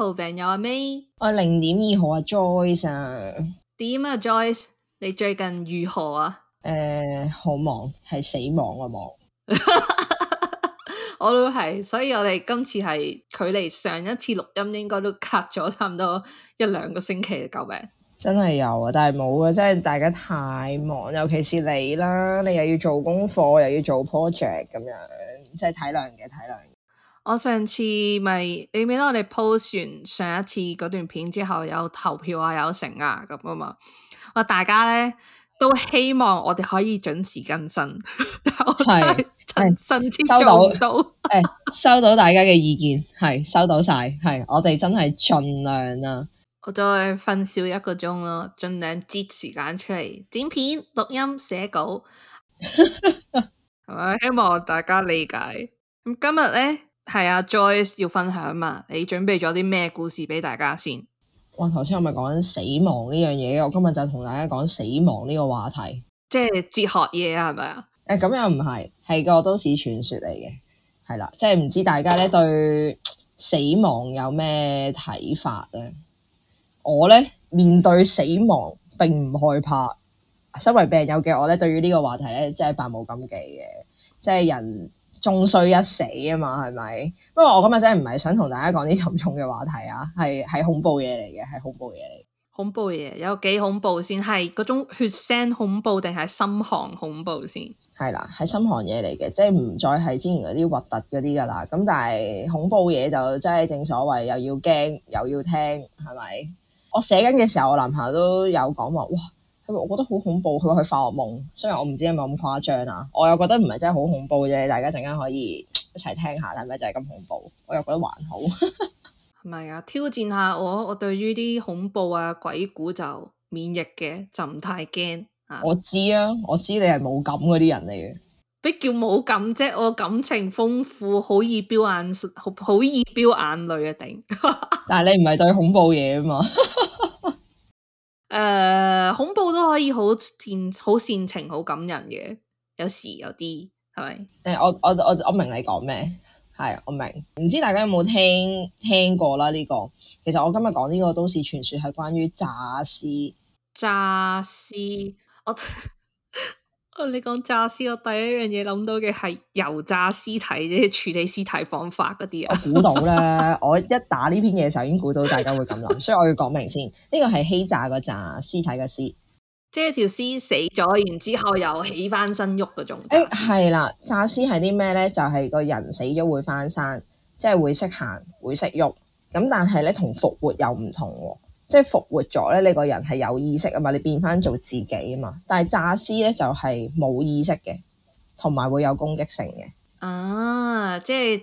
好，病友阿 May，我零點二號啊，Joyce 啊，點啊，Joyce？你最近如何啊？誒、呃，好忙，係死亡啊。忙， 我都係，所以我哋今次係距離上一次錄音應該都隔咗差唔多一兩個星期，救命！真係有啊，但係冇啊，真係大家太忙，尤其是你啦，你又要做功課，又要做 project 咁樣，即係體諒嘅體諒。我上次咪你記得我哋 post 完上一次嗰段片之後有投票啊，有成啊咁啊嘛，我大家咧都希望我哋可以準時更新，但係甚至做唔到，收到，誒、 哎、收到大家嘅意見係收到晒，係我哋真係盡量啦。我，啊、我再瞓少一個鐘咯，盡量節時間出嚟剪片、錄音、寫稿，係嘛？希望大家理解。咁今日咧。係啊，Joyce 要分享嘛？你準備咗啲咩故事俾大家先？哇，我頭先我咪講死亡呢樣嘢，我今日就同大家講死亡呢個話題，即係哲學嘢啊，係咪啊？誒、欸，咁又唔係，係個都市傳說嚟嘅，係啦，即係唔知大家咧對死亡有咩睇法咧？我咧面對死亡並唔害怕，身為病友嘅我咧，對於呢個話題咧，即係百無禁忌嘅，即係人。終須一死啊嘛，係咪？不過我今日真係唔係想同大家講啲沉重嘅話題啊，係係恐怖嘢嚟嘅，係恐怖嘢嚟。恐怖嘢有幾恐怖先？係嗰種血腥恐怖定係心寒恐怖先？係啦，係心寒嘢嚟嘅，即係唔再係之前嗰啲核突嗰啲噶啦。咁但係恐怖嘢就真係正所謂又要驚又要聽，係咪？我寫緊嘅時候，我男朋友都有講話，哇！我覺得好恐怖，佢話佢發噩夢，雖然我唔知有冇咁誇張啊，我又覺得唔係真係好恐怖啫。大家陣間可以一齊聽下，係咪就係咁恐怖？我又覺得還好，係 咪啊？挑戰下我，我對於啲恐怖啊鬼故就免疫嘅，就唔太驚、嗯、啊。我知啊，我知你係冇感嗰啲人嚟嘅，邊叫冇感啫？我感情豐富，好易飆眼，好易飆眼淚啊！頂， 但係你唔係對恐怖嘢啊嘛。 誒，uh, 恐怖都可以好善好煽情好感人嘅，有時有啲係咪？誒、欸，我我我我明你講咩？係我明，唔知大家有冇聽聽過啦？呢、這個其實我今日講呢個都市傳說係關於詐屍，詐屍詞。我 你講詐屍，我第一樣嘢諗到嘅，係油炸屍體，即係處理屍體方法嗰啲啊！我估到咧， 我一打呢篇嘢就已經估到大家會咁諗，所以我要講明先。呢個係欺詐個詐屍體嘅屍，即係條屍死咗，然之後又起翻身喐嗰種。誒、欸，係啦，詐屍係啲咩咧？就係、是、個人死咗會翻生，即、就、係、是、會識行，會識喐，咁但係咧同復活又唔同。即係復活咗咧，你個人係有意識啊嘛，你變翻做自己啊嘛。但係詐屍咧就係、是、冇意識嘅，同埋會有攻擊性嘅。啊，即係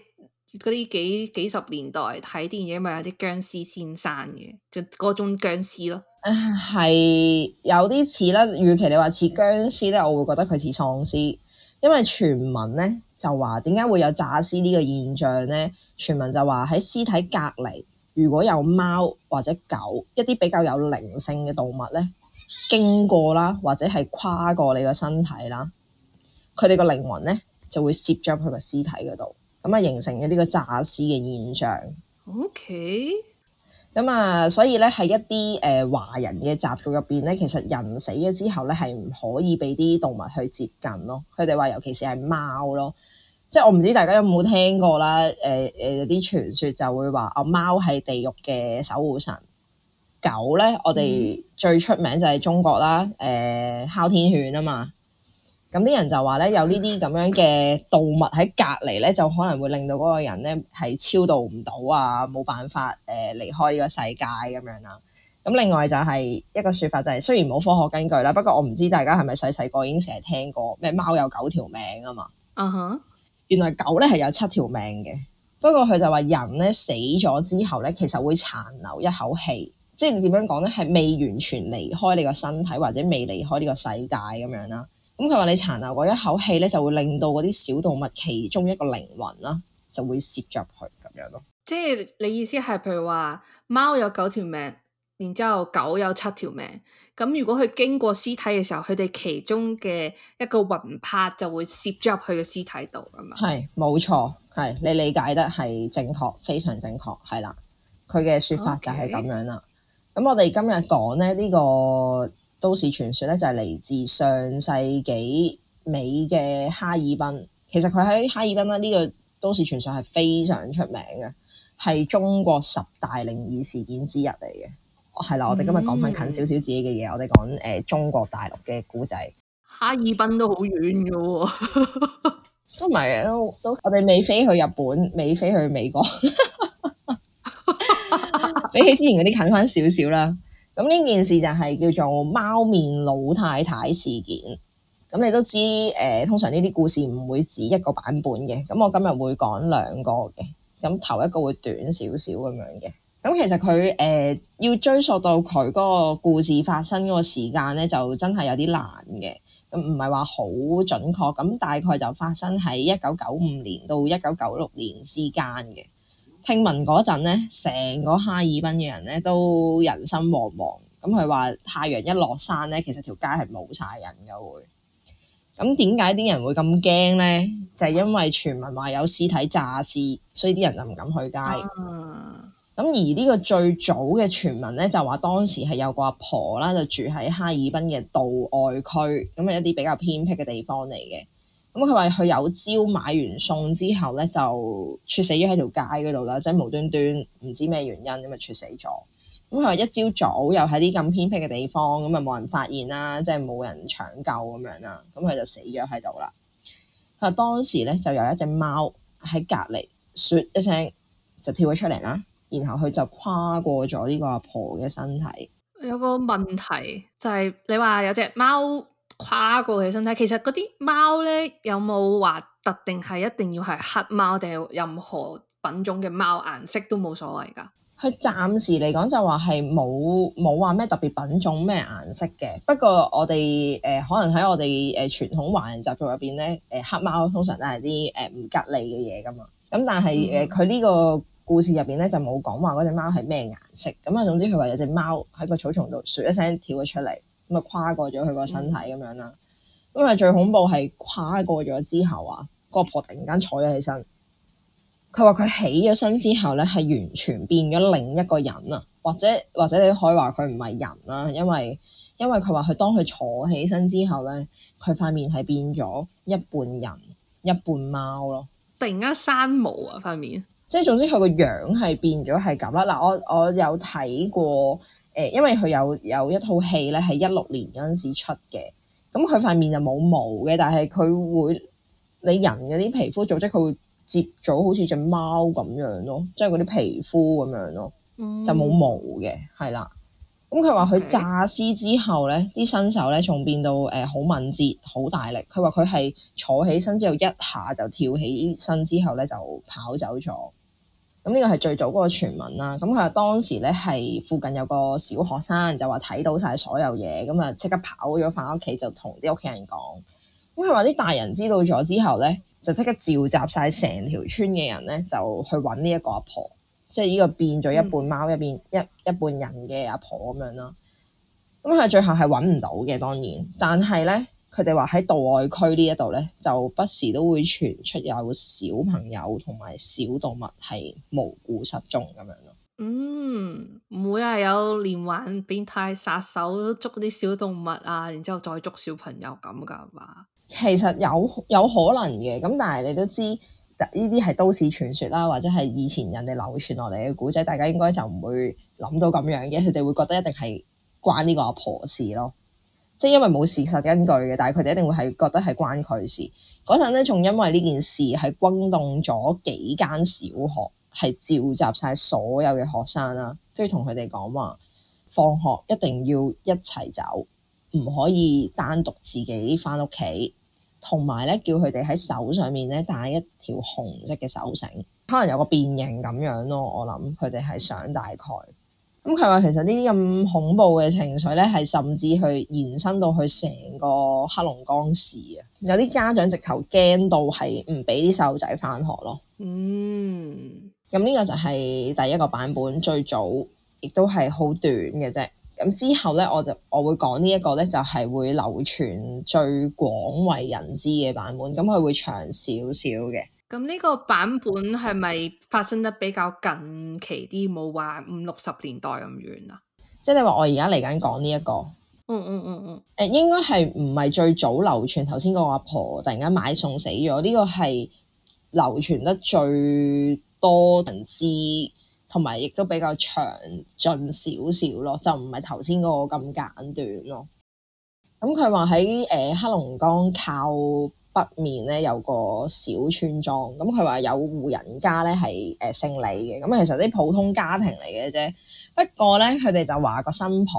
嗰啲幾幾十年代睇電影咪有啲殭屍先生嘅，就嗰種殭屍咯。誒，係有啲似啦，與其你話似殭屍咧，我會覺得佢似喪屍，因為傳聞咧就話點解會有詐屍呢個現象咧？傳聞就話喺屍體隔籬，如果有貓或者狗一啲比較有靈性嘅動物咧，經過啦或者係跨過你個身體啦，佢哋個靈魂咧就會攝咗去個屍體嗰度，咁啊形成咗呢個詐屍嘅現象。OK，咁啊，所以咧喺一啲誒、呃、華人嘅習俗入邊咧，其實人死咗之後咧係唔可以俾啲動物去接近咯，佢哋話尤其是係貓咯。即係我唔知大家有冇聽過啦，誒誒啲傳說就會話啊，貓係地獄嘅守護神，狗咧我哋、嗯、最出名就係中國啦，誒、呃、哮天犬啊嘛，咁啲人就話咧有這這呢啲咁樣嘅動物喺隔籬咧，就可能會令到嗰個人咧係超度唔到啊，冇辦法誒離、呃、開呢個世界咁樣啦。咁另外就係一個說法就係、是、雖然冇科學根據啦，不過我唔知大家係咪細細個已經成日聽過咩貓有九條命啊嘛。嗯哼、uh。Huh. 原來狗咧係有七條命嘅，不過佢就話人咧死咗之後咧，其實會殘留一口氣，即係點樣講咧，係未完全離開你個身體或者未離開呢個世界咁樣啦。咁佢話你殘留嗰一口氣咧，就會令到嗰啲小動物其中一個靈魂啦，就會攝入去咁樣咯。即係你意思係譬如話貓有九條命。然之後狗有七條命，咁如果佢經過屍體嘅時候，佢哋其中嘅一個魂魄就會攝咗入去嘅屍體度啦。係冇錯，係你理解得係正確，非常正確，係啦。佢嘅說法就係咁樣啦。咁 Okay. 我哋今日講咧呢、呢個都市傳說咧，就係、係、嚟自上世紀尾嘅哈爾濱。其實佢喺哈爾濱啦，呢、呢個都市傳說係非常出名嘅，係中國十大靈異事件之一嚟嘅。係啦、哦，我哋今日講翻近少少自己嘅嘢，我哋講誒中國大陸嘅古仔。哈爾濱都好遠噶都唔係都都，我哋未飛去日本，未飛去美國， 比起之前嗰啲近翻少少啦。咁呢件事就係叫做貓面老太太事件。咁你都知誒、呃，通常呢啲故事唔會指一個版本嘅。咁我今日會講兩個嘅，咁頭一個會短少少咁樣嘅。咁其實佢誒、呃、要追溯到佢嗰個故事發生嗰個時間咧，就真係有啲難嘅，咁唔係話好準確。咁大概就發生喺一九九五年到一九九六年之間嘅。聽聞嗰陣咧，成個哈爾濱嘅人咧都人心惶惶。咁佢話太陽一落山咧，其實條街係冇晒人嘅。會咁點解啲人會咁驚咧？就係、是、因為傳聞話有屍體詐屍，所以啲人就唔敢去街。啊咁而呢個最早嘅傳聞咧，就話當時係有個阿婆婆啦，就住喺哈爾濱嘅道外區，咁係一啲比較偏僻嘅地方嚟嘅。咁佢話佢有朝買完餸之後咧，就猝死咗喺條街嗰度啦，即係無端端唔知咩原因咁啊猝死咗。咁佢話一朝早又喺啲咁偏僻嘅地方，咁啊冇人發現啦，即係冇人搶救咁樣啦，咁佢就死咗喺度啦。佢話當時咧就有一隻貓喺隔離説一聲就跳咗出嚟啦。然後佢就跨過咗呢個阿婆嘅身體。有個問題就係、是，你話有隻貓跨過佢嘅身體，其實嗰啲貓咧有冇話特定係一定要係黑貓，定係任何品種嘅貓顏色都冇所謂噶。佢暫時嚟講就話係冇冇話咩特別品種咩顏色嘅。不過我哋誒、呃、可能喺我哋誒傳統華人習俗入邊咧，誒、呃、黑貓通常都係啲誒唔吉利嘅嘢噶嘛。咁、嗯、但係誒佢呢個。故事入邊咧就冇講話嗰隻貓係咩顏色，咁啊總之佢話有隻貓喺個草叢度，唰一聲跳咗出嚟，咁啊跨過咗佢個身體咁樣啦。嗯、因為最恐怖係跨過咗之後啊，個、嗯、婆突然間坐咗起身。佢話佢起咗身之後咧，係完全變咗另一個人啊，或者或者你可以話佢唔係人啊，因為因為佢話佢當佢坐起身之後咧，佢塊面係變咗一半人一半貓咯。突然間生毛啊塊面！即係總之，佢個樣係變咗係咁啦。嗱，我我有睇過誒、欸，因為佢有有一套戲咧，係一六年嗰陣時出嘅。咁佢塊面就冇毛嘅，但係佢會你人嗰啲皮膚組織，佢會接咗好似隻貓咁樣咯，即係嗰啲皮膚咁樣咯，嗯、就冇毛嘅係啦。咁佢話佢詐屍之後咧，啲身手咧仲變到誒好敏捷、好大力。佢話佢係坐起身之後一下就跳起身之後咧就跑走咗。咁呢個係最早嗰個傳聞啦。咁佢話當時咧係附近有個小學生就話睇到晒所有嘢，咁啊，即刻跑咗返屋企就同啲屋企人講。咁佢話啲大人知道咗之後咧，就即刻召集晒成條村嘅人咧，就去搵呢一個阿婆，即係呢個變咗一半貓，一邊一一半人嘅阿婆咁樣啦。咁佢話最後係搵唔到嘅，當然，但係咧。佢哋話喺道外區呢一度咧，就不時都會傳出有小朋友同埋小動物係無故失蹤咁樣。嗯，唔會係有連環變態殺手捉啲小動物啊，然之後再捉小朋友咁㗎嘛？其實有有可能嘅，咁但係你都知，呢啲係都市傳說啦，或者係以前人哋流傳落嚟嘅古仔，大家應該就唔會諗到咁樣嘅。佢哋會覺得一定係關呢個阿婆婆事咯。即係因為冇事實根據嘅，但係佢哋一定會係覺得係關佢事。嗰陣咧，仲因為呢件事係轟動咗幾間小學，係召集晒所有嘅學生啦，跟住同佢哋講話，放學一定要一齊走，唔可以單獨自己翻屋企，同埋咧叫佢哋喺手上面咧戴一條紅色嘅手繩，可能有個變形咁樣咯。我諗佢哋係想大概。咁佢話其實呢啲咁恐怖嘅情緒呢，係甚至去延伸到去成個黑龍江市啊！有啲家長直頭驚到係唔俾啲細路仔返學咯。嗯，咁呢個就係第一個版本，最早亦都係好短嘅啫。咁之後呢，我就我會講呢一個呢，就係會流傳最廣為人知嘅版本。咁佢會長少少嘅。咁呢個版本係咪發生得比較近期啲，冇話五六十年代咁遠啊？即係你話我而家嚟緊講呢、這、一個，嗯嗯嗯嗯，誒、嗯，嗯、應該係唔係最早流傳，頭先個阿婆突然間買餸死咗呢、這個係流傳得最多人知，同埋亦都比較詳盡少少咯，就唔係頭先個咁簡短咯。咁佢話喺誒黑龍江靠北面咧有個小村莊，咁佢話有戶人家咧係誒姓李嘅，咁其實啲普通家庭嚟嘅啫。不過咧，佢哋就話個新抱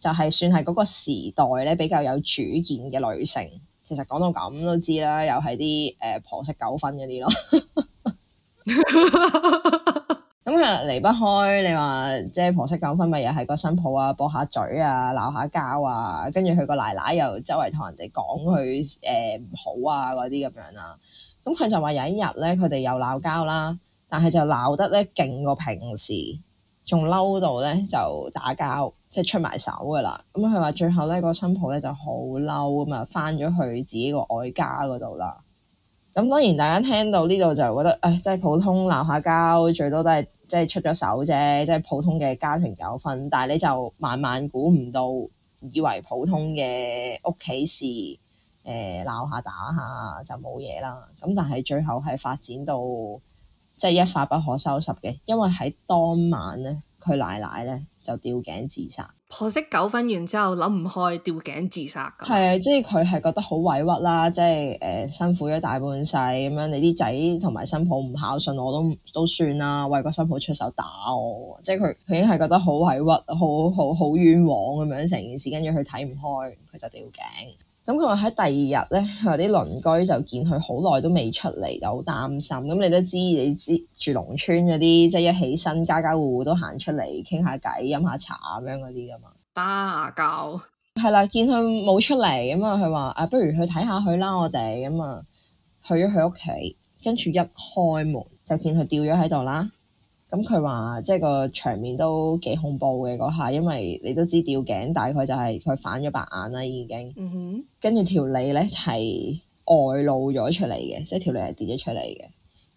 就係算係嗰個時代咧比較有主見嘅女性。其實講到咁都知啦，又係啲誒婆媳糾紛嗰啲咯。 咁其實離不開你話，即係婆媳糾紛，咪又係個新抱啊，駁下嘴啊，鬧下交啊，跟住佢個奶奶又周圍同人哋講佢誒唔好啊，嗰啲咁樣啦、啊。咁、嗯、佢就話有一日咧，佢哋又鬧交啦，但係就鬧得咧勁過平時，仲嬲到咧就打交，即係出埋手噶啦。咁佢話最後咧，個新抱咧就好嬲啊，嘛，翻咗去自己個外家嗰度啦。咁當然，大家聽到呢度就覺得唉，即係普通鬧下交，最多都係即係出咗手啫，即係普通嘅家庭糾紛。但係你就萬萬估唔到，以為普通嘅屋企事誒鬧下打下就冇嘢啦。咁但係最後係發展到即係一發不可收拾嘅，因為喺當晚咧，佢奶奶咧就吊頸自殺。可惜糾紛完之後諗唔開，吊頸自殺。係啊，即係佢係覺得好委屈啦，即係誒、呃、辛苦咗大半世咁樣，你啲仔同埋新抱唔孝順，我都都算啦，為個新抱出手打我，即係佢佢已經係覺得好委屈，好好好冤枉咁樣成件事，跟住佢睇唔開，佢就吊頸。咁佢話喺第二日咧，佢話啲鄰居就見佢好耐都未出嚟，就好擔心。咁你都知，你知住農村嗰啲，即係一起身家家戶戶都行出嚟傾下偈、飲下茶咁樣嗰啲噶嘛。打牙交係啦，見佢冇出嚟啊嘛。佢話啊，不如去睇下佢啦，我哋咁啊，去咗佢屋企，跟住一開門就見佢吊咗喺度啦。咁佢話，即係個場面都幾恐怖嘅嗰下，因為你都知吊頸大概就係佢反咗白眼啦，已經、嗯、哼跟住條脷咧係外露咗出嚟嘅，即係條脷係跌咗出嚟嘅。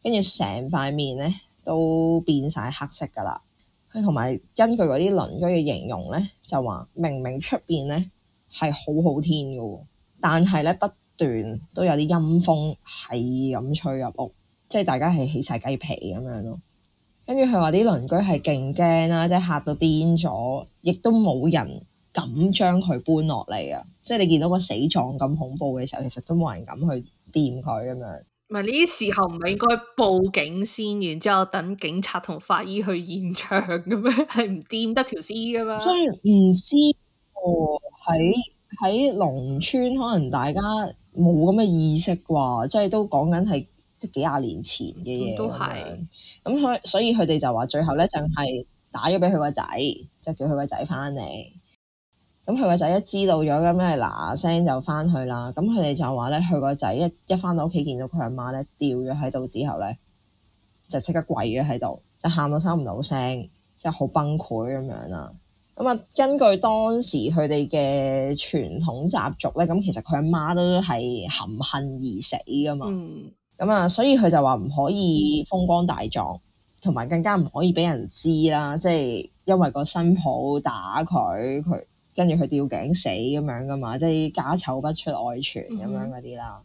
跟住成塊面咧都變晒黑色噶啦。佢同埋根據嗰啲鄰居嘅形容咧，就話明明出邊咧係好好天噶，但係咧不斷都有啲陰風係咁吹入屋，即係大家係起晒雞皮咁樣咯。跟住佢話啲鄰居係勁驚啦，即係嚇到癲咗，亦都冇人敢將佢搬落嚟啊！即係你見到個死狀咁恐怖嘅時候，其實都冇人敢去掂佢咁樣。唔係呢啲時候唔係應該報警先，然之後等警察同法醫去現場嘅咩？係唔掂得條屍㗎嘛？所以唔知喎喺喺農村，可能大家冇咁嘅意識啩，即係都講緊係即係幾廿年前嘅嘢咁樣。嗯，都係咁所以所以佢哋就話最後咧，淨係打咗俾佢個仔，就叫佢個仔翻嚟。咁佢個仔一知道咗，咁咪嗱聲就翻去啦。咁佢哋就話咧，佢個仔一一翻到屋企見到佢阿媽咧，吊咗喺度之後咧，就即刻跪咗喺度，就喊到收唔到聲，即係好崩潰咁樣啦。咁啊，根據當時佢哋嘅傳統習俗咧，咁其實佢阿媽都係含恨而死噶嘛。嗯咁啊，所以佢就話唔可以風光大葬，同埋更加唔可以俾人知啦。即係因為個新抱打佢，佢跟住佢吊頸死咁樣噶嘛，即係家醜不出外傳咁樣嗰啲啦。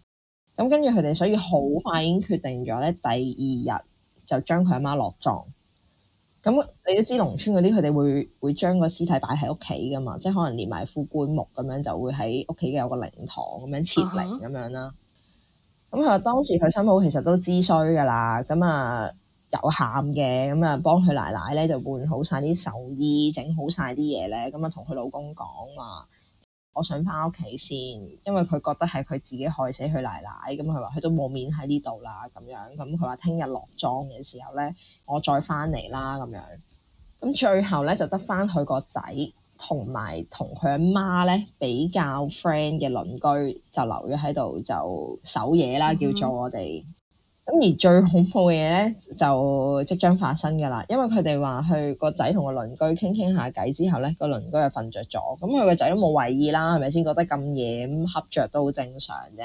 咁、mm hmm. 啊、跟住佢哋，所以好快已經決定咗咧，第二日就將佢阿媽落葬。咁、嗯、你都知農村嗰啲，佢哋會會將個屍體擺喺屋企噶嘛，即係可能連埋副棺木咁樣，就會喺屋企嘅有個靈堂咁樣設靈咁樣啦。Uh huh. 咁佢話當時佢新抱其實都知衰噶啦，咁啊有喊嘅，咁啊幫佢奶奶咧就換好晒啲壽衣，整好晒啲嘢咧，咁啊同佢老公講話，我想翻屋企先，因為佢覺得係佢自己害死佢奶奶，咁佢話佢都冇面喺呢度啦，咁樣咁佢話聽日落葬嘅時候咧，我再翻嚟啦，咁樣咁最後咧就得翻佢個仔。同埋同佢阿媽咧比較 friend 嘅鄰居就留咗喺度就守夜啦，叫做我哋。咁、嗯、而最恐怖嘅嘢咧就即將發生噶啦，因為佢哋話佢個仔同個鄰居傾傾下偈之後咧，個鄰居就瞓着咗。咁佢個仔都冇為意啦，係咪先覺得咁夜咁瞌着都好正常啫？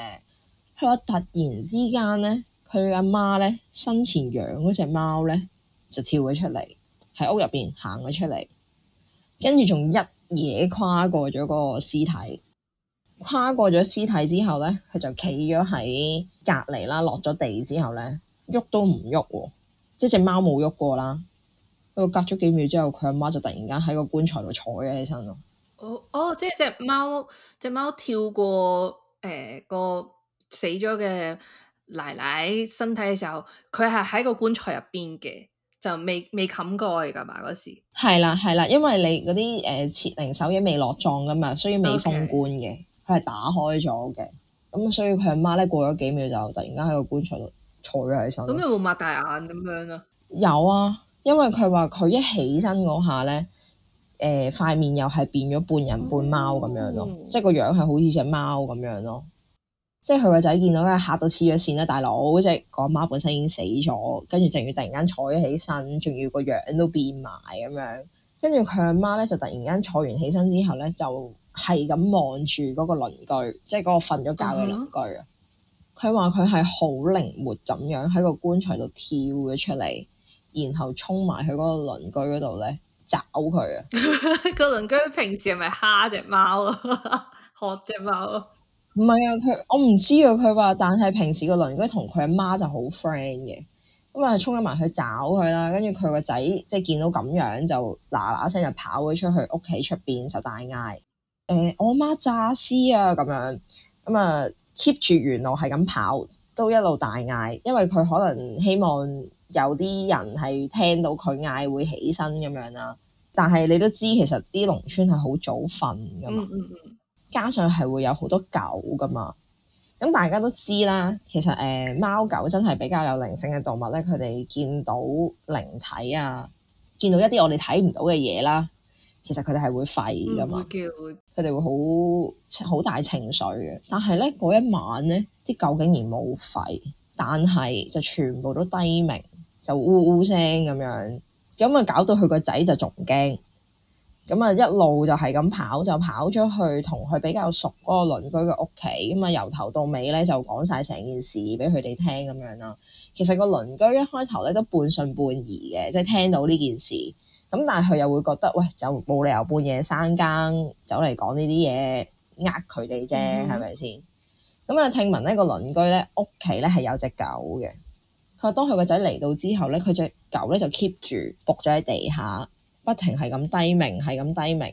佢話突然之間咧，佢阿媽咧生前養嗰隻貓咧就跳咗出嚟喺屋入邊行咗出嚟。跟住仲一嘢跨過咗個屍體，跨過咗屍體之後咧，佢就企咗喺隔籬啦。落咗地之後咧，喐都唔喐，即係隻貓冇喐過啦。不過隔咗幾秒之後，佢阿媽，媽就突然間喺個棺材度坐咗起身咯。哦哦，即係隻貓，隻貓跳過誒、呃、個死咗嘅奶奶身體嘅時候，佢係喺個棺材入邊嘅。就未未冚蓋噶嘛嗰時，係啦係啦，因為你嗰啲誒，設靈手尾未落葬噶嘛，所以未封棺嘅，佢係 Okay. 打開咗嘅，咁所以佢阿媽咧過咗幾秒就突然間喺個棺材度坐咗起身上，咁有冇擘大眼咁樣啊？有啊，因為佢話佢一起身嗰下咧，誒塊面又係變咗半人半貓咁樣咯，oh. 即係個樣係好似隻貓咁樣咯。即係佢個仔見到咧，嚇到黐咗線啦！大佬，即係個媽本身已經死咗，跟住仲要突然間坐咗起身，仲要個樣都變埋咁樣。跟住佢阿媽咧就突然間坐完起身之後咧，就係咁望住嗰個鄰居，即係嗰個瞓咗覺嘅鄰居啊。佢話佢係好靈活，咁樣喺個棺材度跳咗出嚟，然後衝埋去嗰個鄰居嗰度咧找佢啊！個鄰 居平時係咪蝦隻貓啊， 學隻貓啊？唔係啊，佢我唔知，欸、我啊，佢話，但係平時個鄰居同佢阿媽就好 friend 嘅，咁啊衝咗埋去找佢啦，跟住佢個仔即係見到咁樣就嗱嗱聲就跑咗出去屋企出邊就大嗌，誒我阿媽詐屍啊咁樣，咁啊 keep 住沿路係咁跑，都一路大嗌，因為佢可能希望有啲人係聽到佢嗌會起身咁樣啦，但係你都知其實啲農村係好早瞓噶嘛。嗯加上係會有好多狗噶嘛，咁、嗯、大家都知啦。其實誒、呃，貓狗真係比較有靈性嘅動物咧，佢哋見到靈體啊，見到一啲我哋睇唔到嘅嘢啦，其實佢哋係會吠噶嘛，佢哋、嗯、會好好大情緒嘅。但係咧嗰一晚咧，啲狗竟然冇吠，但係就全部都低鳴，就嗚嗚聲咁樣，咁啊搞到佢個仔就仲驚。咁啊，一路就係咁跑，就跑咗去同佢比較熟嗰個鄰居嘅屋企咁啊。由頭到尾咧，就講晒成件事俾佢哋聽咁樣啦。其實個鄰居一開頭咧都半信半疑嘅，即係聽到呢件事咁，但係佢又會覺得喂，就冇理由半夜三更走嚟講呢啲嘢，呃佢哋啫，係咪先？咁啊，聽聞呢個鄰居咧屋企咧係有隻狗嘅。佢話當佢個仔嚟到之後咧，佢隻狗咧就 keep 住伏咗喺地下。不停係咁低鳴，係咁低鳴，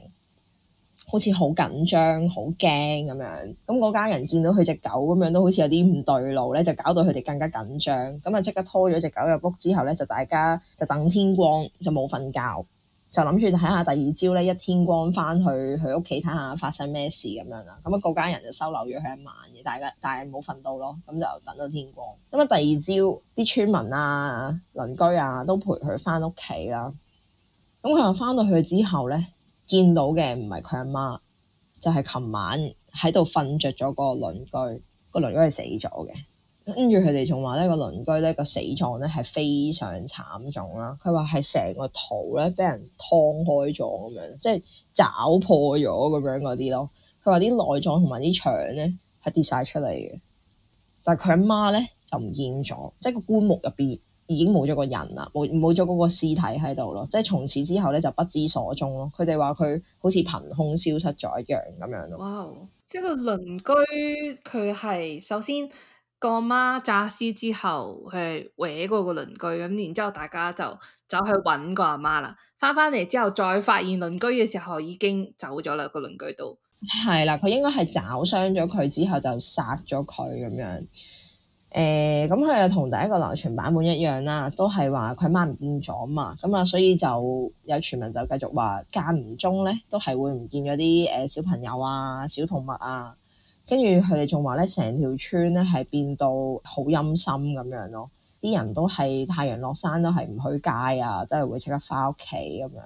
好似好緊張、好驚咁樣。咁嗰家人見到佢隻狗咁樣，都好似有啲唔對路咧，就搞到佢哋更加緊張。咁啊，即刻拖咗隻狗入屋之後咧，就大家就等天光，就冇瞓覺，就諗住睇下第二朝咧，一天光返去佢屋企睇下發生咩事咁樣啦。咁啊，嗰家人就收留咗佢一晚嘅，大家但係冇瞓到咯，咁就等到天光。咁啊，第二朝啲村民啊、鄰居啊都陪佢返屋企啦。咁佢翻到去之後咧，見到嘅唔係佢阿媽，就係、是、琴晚喺度瞓着咗個鄰居，個鄰居係死咗嘅。跟住佢哋仲話呢個鄰居咧個死狀咧係非常慘重啦。佢話係成個肚咧俾人劏開咗咁樣，即係抓破咗咁樣嗰啲咯。佢話啲內臟同埋啲腸咧係跌晒出嚟嘅，但係佢阿媽咧就唔見咗，即係個棺木入邊。已經冇咗個人啦，冇冇咗嗰個屍體喺度咯，即係從此之後咧就不知所蹤咯。佢哋話佢好似憑空消失咗一樣咁樣咯。哇！Wow，即係個鄰居佢係首先個阿媽詐屍之後，佢搲過個鄰居咁，然之後大家就走去揾個阿媽啦。翻翻嚟之後再發現鄰居嘅時候已經走咗啦，個鄰居都係啦，佢應該係爪傷咗佢之後就殺咗佢咁樣。誒咁佢又同第一個流傳版本一樣啦，都係話佢媽唔見咗嘛，咁啊，所以就有傳聞就繼續話間唔中咧都係會唔見咗啲誒小朋友啊、小動物啊，跟住佢哋仲話咧成條村咧係變到好陰森咁樣咯，啲人都係太陽落山都係唔去街啊，都係會即刻返屋企咁樣。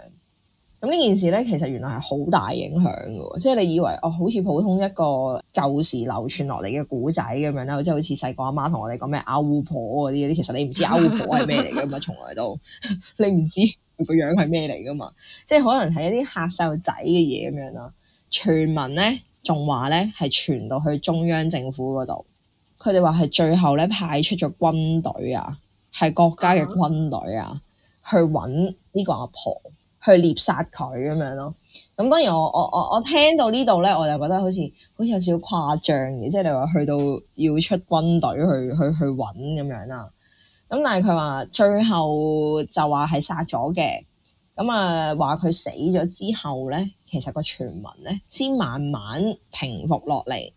咁呢件事咧，其實原來係好大影響嘅，即係你以為哦，好似普通一個舊時流傳落嚟嘅古仔咁樣啦，即係好似細個阿媽同我哋講咩阿烏婆嗰啲啲，其實你唔知阿烏婆係咩嚟嘅嘛，從來都 你唔知個樣係咩嚟嘅嘛，即係可能係一啲嚇細路仔嘅嘢咁樣啦。傳聞咧，仲話咧係傳到去中央政府嗰度，佢哋話係最後咧派出咗軍隊啊，係國家嘅軍隊啊，uh huh. 去揾呢個阿婆。去獵殺佢咁樣咯，咁當然我我我我聽到呢度咧，我就覺得好似好似有少少誇張嘅，即係你話去到要出軍隊去去去搵咁樣啦，咁但係佢話最後就話係殺咗嘅，咁啊話佢死咗之後咧，其實個傳聞咧先慢慢平復落嚟。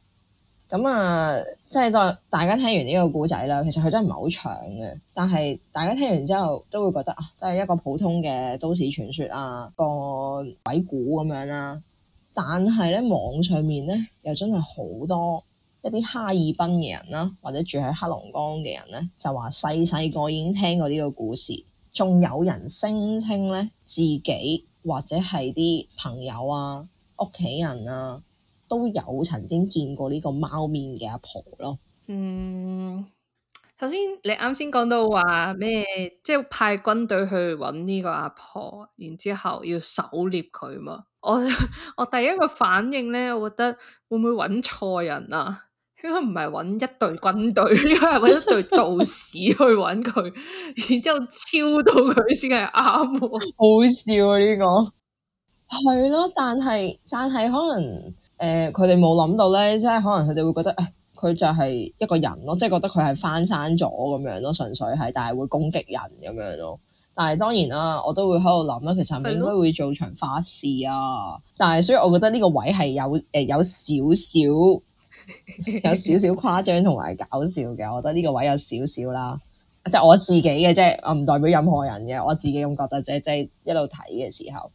咁啊，即係當大家聽完呢個故仔啦，其實佢真係唔係好長嘅，但係大家聽完之後都會覺得啊，都係一個普通嘅都市傳說啊，個鬼故咁樣啦、啊。但係咧網上面咧又真係好多一啲哈爾濱嘅人啦、啊，或者住喺黑龍江嘅人咧、啊，就話細細個已經聽過呢個故事，仲有人聲稱咧自己或者係啲朋友啊、屋企人啊。都有曾經見過呢個貓面嘅阿婆咯。嗯，首先你啱先講到話咩，即係派軍隊去揾呢個阿婆，然之後要狩獵佢嘛？我我第一個反應咧，我覺得會唔會揾錯人啊？應該唔係揾一隊軍隊，應該係揾一隊道士去揾佢， 然之後超到佢先係啱。好笑啊！呢、這個係咯，但係但係可能。誒，佢哋冇諗到咧，即係可能佢哋會覺得誒，佢就係一個人咯，即係覺得佢係翻生咗咁樣咯，純粹係，但係會攻擊人咁樣咯。但係當然啦，我都會喺度諗啦，其實係咪應該會做場法事啊？是的 但係所以我覺得呢個位係有誒、呃、有少少有少少誇張同埋搞笑嘅，我覺得呢個位有少少啦，即係我自己嘅即啫，唔代表任何人嘅，我自己咁覺得啫、就是，即、就、係、是、一路睇嘅時候。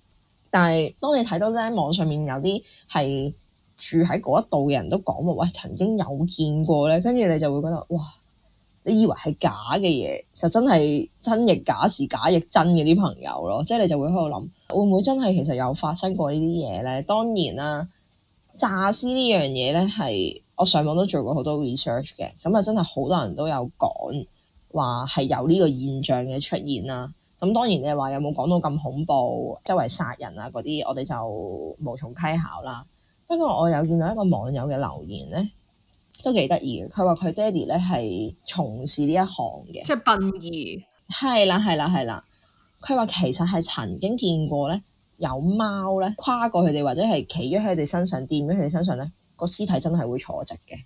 但係當你睇到咧，網上面有啲係。住喺嗰一度嘅人都講話，喂，曾經有見過咧。跟住你就會覺得，哇，你以為係假嘅嘢，就真係真亦假時，是假亦真嘅啲朋友咯。即係你就會喺度諗，會唔會真係其實有發生過呢啲嘢咧？當然啦，詐屍呢樣嘢咧，係我上網都做過好多 research 嘅。咁啊，真係好多人都有講話係有呢個現象嘅出現啦。咁當然你話，有冇講到咁恐怖，周圍殺人啊嗰啲，我哋就無從稽考啦。不過我有見到一個網友嘅留言咧，都幾得意嘅。佢話佢爹哋咧係從事呢一行嘅，即係殯儀。係啦，係啦，係啦。佢話其實係曾經見過咧，有貓咧跨過佢哋，或者係企咗喺佢哋身上，掂咗喺佢哋身上咧，個屍體真係會坐直嘅。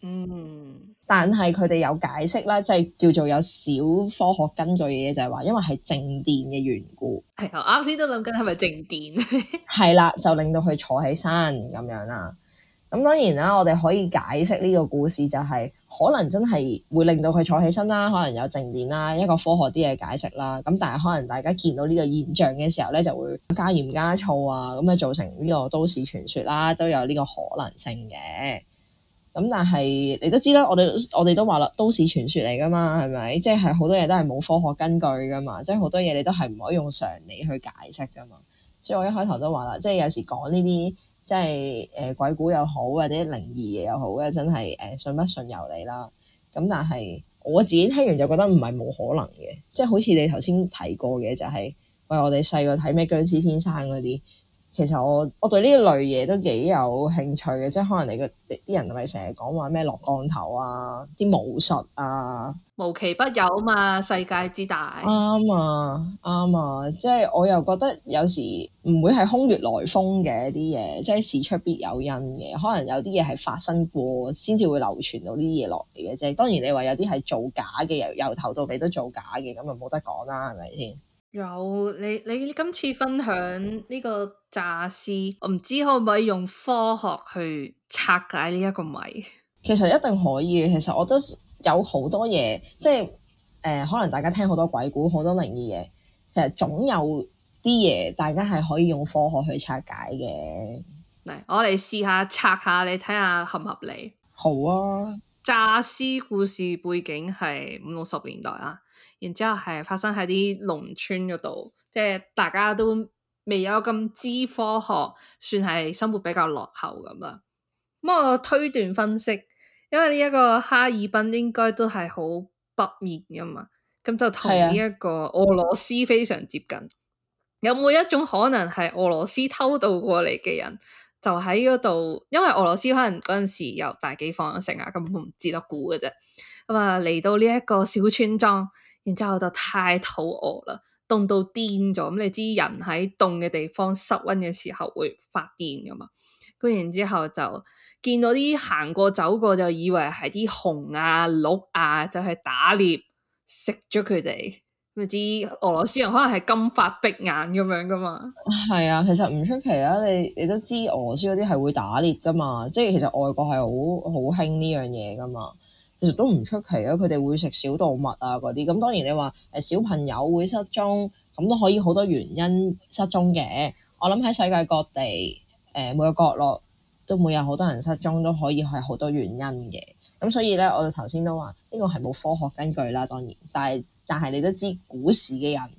嗯。但係佢哋有解釋啦，即係叫做有少科學根據嘅嘢，就係話因為係靜電嘅緣故。係我啱先都諗緊係咪靜電？係 啦，就令到佢坐起身咁樣啦。咁當然啦，我哋可以解釋呢個故事就係可能真係會令到佢坐起身啦，可能有靜電啦，一個科學啲嘅解釋啦。咁但係可能大家見到呢個現象嘅時候咧，就會加鹽加醋啊，咁啊造成呢個都市傳說啦，都有呢個可能性嘅。咁、嗯、但係你都知啦，我哋我哋都話啦，都市傳說嚟噶嘛，係咪？即係好多嘢都係冇科學根據噶嘛，即係好多嘢你都係唔可以用常理去解釋噶嘛。所以我一開頭都話啦，即、就、係、是、有時講呢啲即係誒鬼故又好或者靈異嘢又好咧，真係誒、呃、信不信由你啦。咁但係我自己聽完就覺得唔係冇可能嘅，即、就、係、是、好似你頭先提過嘅，就係、是、喂、我哋細個睇咩僵屍先生嗰啲。其實我我對呢類嘢都幾有興趣嘅，即係可能你嘅啲人係咪成日講話咩落降頭啊，啲武術啊，無奇不有啊嘛，世界之大。啱啊，啱啊，啊，即係我又覺得有時唔會係空穴來風嘅啲嘢，即係事出必有因嘅，可能有啲嘢係發生過先至會流傳到呢啲嘢落嚟嘅啫。當然你話有啲係造假嘅，由由頭到尾都造假嘅，咁就冇得講啦，係咪先？有你你今次分享呢個詐屍，我唔知可唔可以用科學去拆解呢一個謎。其實一定可以，其實我都有好多嘢，即係誒、呃，可能大家聽好多鬼故、好多靈異嘢，其實總有啲嘢大家係可以用科學去拆解嘅。嚟，我嚟試下拆下你睇下合唔合理。好啊，詐屍故事背景係五六十年代啊。然之後係發生喺啲農村嗰度，即係大家都未有咁知科學，算係生活比較落後咁啦。咁我推斷分析，因為呢一個哈爾濱應該都係好北面噶嘛，咁就同呢一個俄羅斯非常接近。啊、有冇一種可能係俄羅斯偷渡過嚟嘅人，就喺嗰度？因為俄羅斯可能嗰陣時有大幾方城啊，咁我唔知得估嘅啫。咁啊，嚟到呢一個小村莊。然之後就太肚餓啦，凍到癲咗咁。你知人喺凍嘅地方室溫嘅時候會發癲噶嘛？咁然之後就見到啲行過走過就以為係啲熊啊鹿啊，就係、是、打獵食咗佢哋。咪知俄羅斯人可能係金髮碧眼咁樣噶嘛？係啊，其實唔出奇啊。你你都知俄羅斯嗰啲係會打獵噶嘛？即係其實外國係好好興呢樣嘢噶嘛。其實都唔出奇啊，佢哋會食小動物啊嗰啲。咁當然你話誒，小朋友會失蹤，咁都可以好多原因失蹤嘅。我諗喺世界各地誒、呃、每個角落都會有好多人失蹤，都可以係好多原因嘅。咁所以咧，我哋頭先都話呢個係冇科學根據啦，當然。但係但係你都知，古時嘅人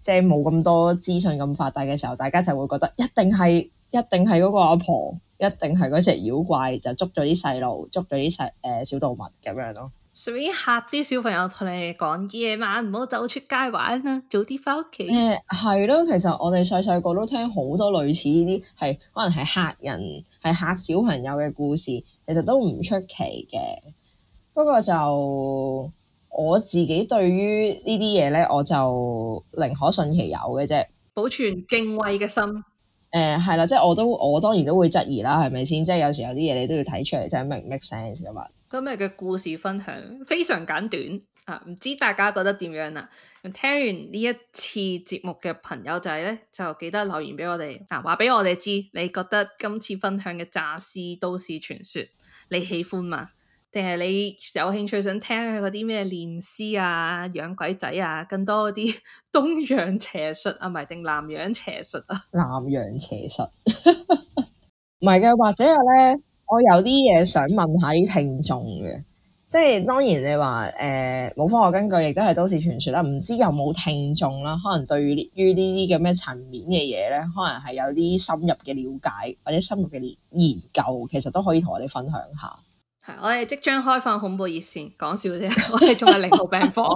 即係冇咁多資訊咁發達嘅時候，大家就會覺得一定係一定係嗰個阿婆。一定係嗰隻妖怪就捉咗啲細路，捉咗啲細誒小動物咁樣咯。順便吓啲小朋友，同你講夜晚唔好走出街玩啦，早啲返屋企。誒 ，係咯、 嗯，其實我哋細細個都聽好多類似呢啲，係可能係吓人，係吓小朋友嘅故事，其實都唔出奇嘅。不過就我自己對於呢啲嘢咧，我就寧可信其有嘅啫，保存敬畏嘅心。誒，係啦、嗯，即係我都，我當然都會質疑啦，係咪先？即係有時候啲嘢你都要睇出嚟，真係唔 make sense 噶嘛。今日嘅故事分享非常簡短啊，唔知大家覺得點樣啦？聽完呢一次節目嘅朋友仔咧，就記得留言俾我哋啊，話俾我哋知，你覺得今次分享嘅《詐屍都市傳說》，你喜歡嘛？定係你有興趣想聽嗰啲咩煉屍啊、養鬼仔啊，更多啲東洋邪術啊，唔係定南洋邪術啊？南洋邪術唔係嘅，或者係咧，我有啲嘢想問下啲聽眾嘅，即係當然你話誒冇科學根據，亦都係都市傳說啦。唔知有冇聽眾啦，可能對於呢啲咁嘅層面嘅嘢咧，可能係有啲深入嘅了解或者深入嘅研研究，其實都可以同我哋分享下。我哋即將開放恐怖熱線，講笑啫，我哋仲係零號病房。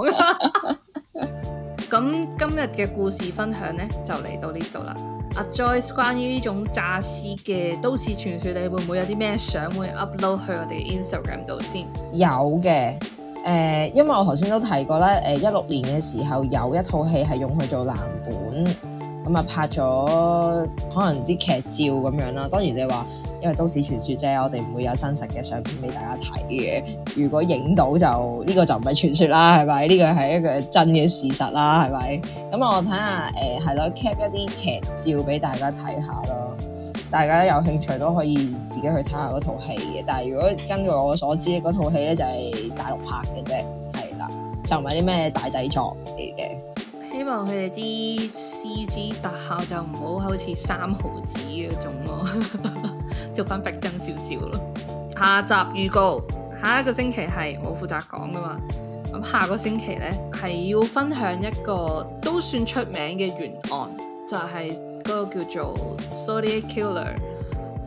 咁今日嘅故事分享呢就嚟到呢度啦。阿、 啊、Joyce 關於呢種詐屍嘅都市傳說，你會唔會有啲咩相會 upload 去我哋 Instagram 度先？ 有嘅，誒、呃，因為我頭先都提過啦，誒、呃，一六年嘅時候有一套戲係用佢去做藍本，咁啊拍咗可能啲劇照咁樣啦。當然你話。因為都市傳説啫，我哋唔會有真實嘅相片俾大家睇嘅。如果影到就呢個就唔係傳説啦，係咪？呢個係一個真嘅事實啦，係咪？咁我睇下誒，係咯，Keep 一啲劇照俾大家睇下咯。大家有興趣都可以自己去睇下嗰套戲嘅。但係如果根據我所知，嗰套戲咧就係大陸拍嘅啫，係啦，就唔係啲咩大製作嚟嘅。希望佢哋啲 CG 特效就唔好好似三毫子嗰種咯、啊。 做翻逼真少少咯，下集預告，下一個星期係我負責講㗎嘛，咁下個星期呢，係要分享一個都算出名嘅懸案，就係、是、嗰個叫做 Zodiac Killer，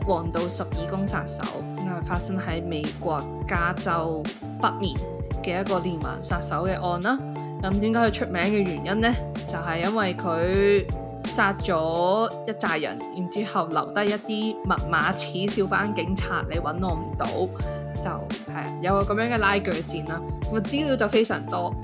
黃道十二宮殺手，咁係發生喺美國加州北面嘅一個連環殺手嘅案啦。咁點解佢出名嘅原因呢？就係、是、因為佢。殺咗一紮人，然之後留低一啲密碼恥笑班警察，你揾我唔到，就係、哎、有個咁樣嘅拉鋸戰啦。個資料就非常多，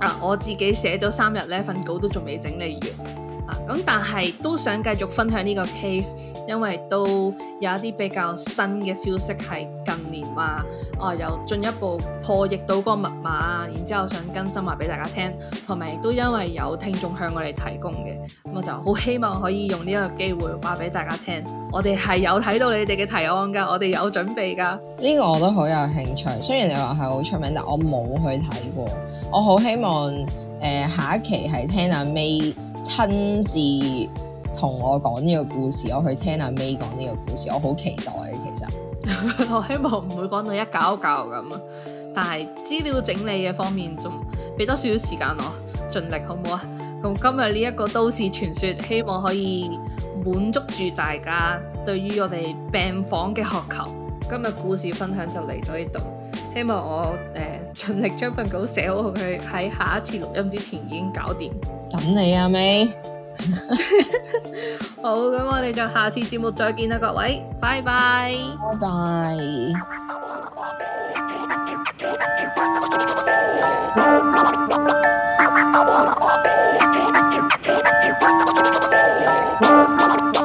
啊，我自己寫咗三日呢份稿都仲未整理完。咁、啊、但係都想繼續分享呢個 case，因為都有一啲比較新嘅消息係近年話、啊、哦，有、啊、進一步破譯到嗰個密碼啊。然之後想更新話俾大家聽，同埋亦都因為有聽眾向我哋提供嘅，咁我就好希望可以用呢個機會話俾大家聽，我哋係有睇到你哋嘅提案㗎，我哋有準備㗎。呢個我都好有興趣。雖然你話係好出名，但我冇去睇過。我好希望誒、呃、下一期係聽下 May，親自同我講呢個故事，我去聽阿 May 講呢個故事，我好期待其實。 我希望唔會講到一搞一搞咁，但係資料整理嘅方面，仲俾多少少時間我，盡力好唔好啊？咁今日呢一個都市傳說，希望可以滿足住大家對於我哋病房嘅渴求。今日故事分享就嚟到呢度。希望我誒、呃、盡力將份稿寫好，好，佢喺下一次錄音之前已經搞掂。等你啊，咪。 好，咁，我哋就下次節目再見啦，各位，拜拜。拜。Bye.